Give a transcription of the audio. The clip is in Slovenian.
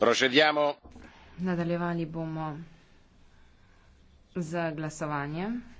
procediamo nadaljevali bomo z glasovanjem